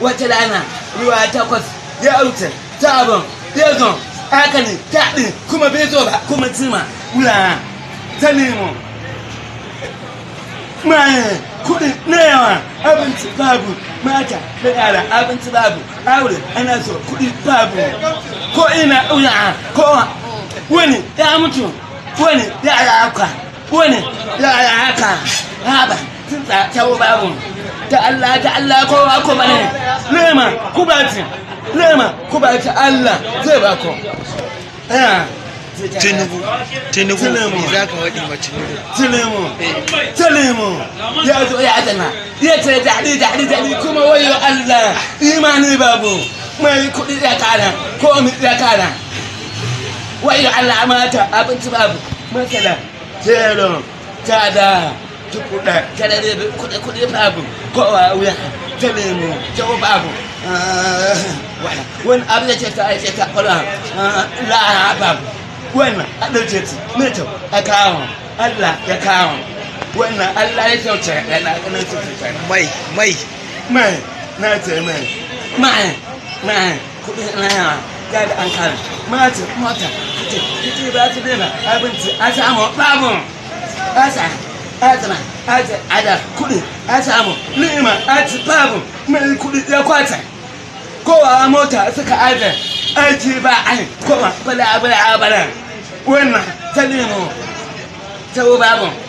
wata lana ruwa takwas ya autar ta abin bezon haka ne kaɗin kuma bezo ba kuma cima wula ta nemo maye kuɗi na yawa abinci babu mata da yara abinci babu aure ana so kuɗi babu ko ina wula kowa wani ya mutu wani ya yi haka wani ya yi haka haba tun tsawo babu ta Allah ta Allah kowa kuma ne lema ku ba ta nema ku ba ta Allah zai ba ku tinubu tinubu ne za ka waɗi ma tinubu tinubu eh. tinubu ya zo ya adana ya ce daɗi daɗi daɗi kuma wayo Allah imani babu mai kuɗi ya kara ko mi ya kara wayo Allah mata abinci babu matsala zero tada na kyɛnɛ de bi kɔdɛ kɔdɛ baabu kɔɔ awia kyɛnɛ mu kyɛwɔ baabu wɔn a bɛ kyɛ ta a kyɛ ta kɔlɔ ha laa baabu wɔn na a lɛ kyɛ ti ne tɛ a kaa hɔn a la yɛ kaa hɔn wɔn na a la yɛ kyɛw kyɛ ɛ na a kana kyɛ ti fɛ. mayi mayi. mayi n'a tɛ mayi mayi mayi kɔdɛ n'a yɛ wa ya da an kare mata mata kete kete ba ta bema abinci a samu babu a samu atana ata ada kuɗi ata abu ni'ima ata babu mai kuɗi ya kwata kowa mota suka aje aji ba ai kuma bala bala bala wannan ta nemo ta babu